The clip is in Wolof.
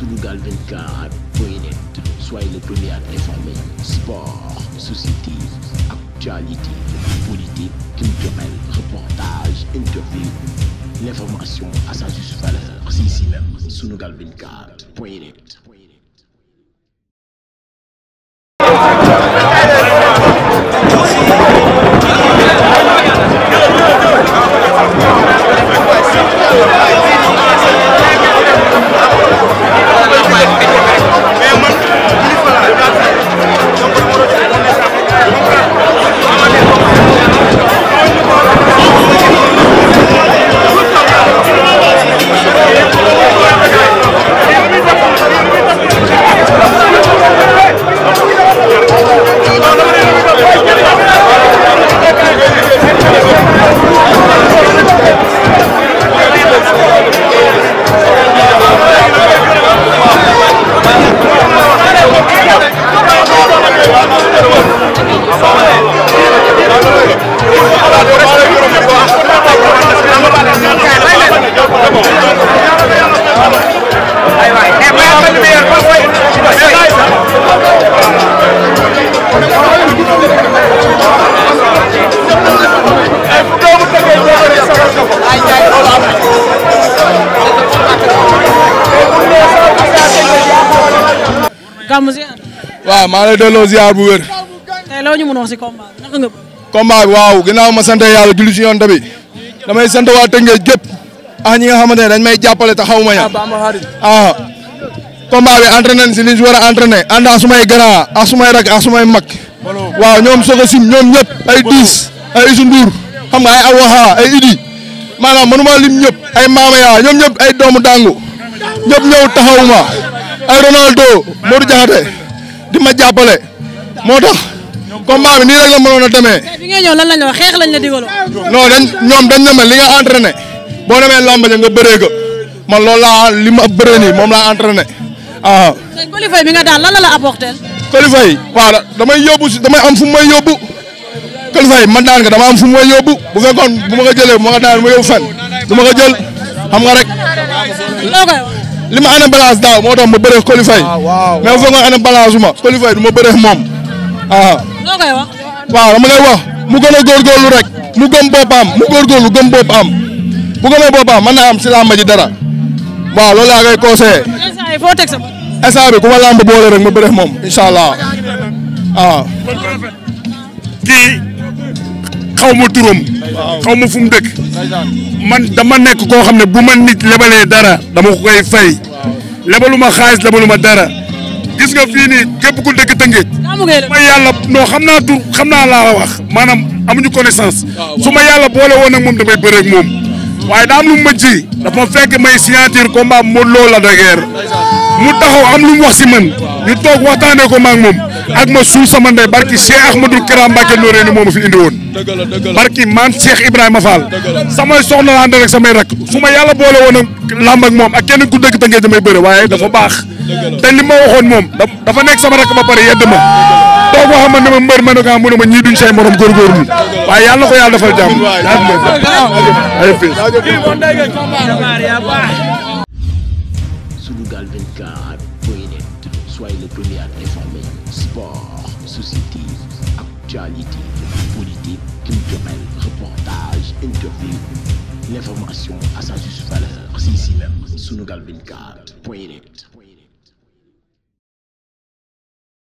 sunugal 24 point net soyez le premier à informer sport société actualité politique culturelle reportage interview l'information à sa juste valeur c'est ici même sunugal 24 point gàmm ziar. waaw maa lay delloo ziar bu wér. tey loo ñu mën a wax si combat bi naka nga bëgg. combat bi waaw ginnaaw ma sant yàlla julli si yoon bi damay sant waa Tëngéej gépp ah ñi nga xamante ne dañ may jàppale te xaw ma ña. ah combat bi entraîné nañ si li ñu war a entraîné ànd ak sumay grand ak sumay rak waaw ñoom soog a sim ñoom ñëpp ay diis ay Youssou Ndour ay Awaxa ay Idi maanaam mënuma lim ay Maama ñoom ñëpp ay doomu dàngu ñëpp ñëw taxaw ma. ay Ronaldo Modou Diakhaté di ma jàppale moo tax combat bi nii rek la mënoon a demee. bi ngay ñëw lan lañ la wax xeex la digaloo. non dañ ñoom dañ ne ma li nga entraîné boo demee làmb ja nga bëree ko man loolu la li ma bëree nii moom la entraîné waaw. tey qualifié bi nga daal lan la la apporté. qualifié waaw damay yóbbu si dama am fu may yóbbu. qualifié man daan nga dama am fu may yóbbu bu fekkoon bu ma ko jëlee bu ma ko daan ma yóbbu fan du ma ko jël xam nga rek. li ma ana balance daaw moo tam ma bëree qualifié. Ah, waaw mais foog nga ana balance ma. qualifié du ma bëree moom waaw. Ah. loo koy wax. wax mu gën a góorgóorlu rek mu gëm boppam mu góorgóorlu gëm boppam bu gëmee boppam mën naa am si làmb ji dara waaw lool laa koy conseillé. instant sa bopp. instant bi ku ma làmb boole rek ma bëre moom incha allah ah. xaw ma turam xaw ma fu mu dëkk man dama nekk koo xam ne bu man nit lebalee dara dama ko koy fay lebalu ma xaalis lebalu ma dara gis nga fii nii képp ku dëkk tëngéej ma yàlla non xam naa tur xam naa laa wax maanaam amuñu connaissance su ma yàlla boole woon ak moom damay bëreeg moom waaye daa am lu ma ji dafa fekk may signature combat Modou Lo Lac de Guiers mu taxaw am lu mu wax si man ñu toog waxtaanee ko maak moom ak ma suu sama ndey barki Cheikh Ahmadou Karam Mbacké Noreyni ni mooma fi indi woon barki maam Cheikh Ibrahima Fall samay soxna la ànd rek samay rak fu ma yàlla boole woon ak làmb ak moom ak kenn ku dëkk tënkee damay bëre waaye dafa baax te li ma waxoon moom dafa nekk sama rak ba pare yedd ma doo ko xamante ne ma mbër ma ne ah, morom góorgóorlu waaye yàlla na ko yàlla defal jàmm Sunugal 24 point net soyez le premier à informer sport société actualité politique culturelle reportage interview l'information à sa point net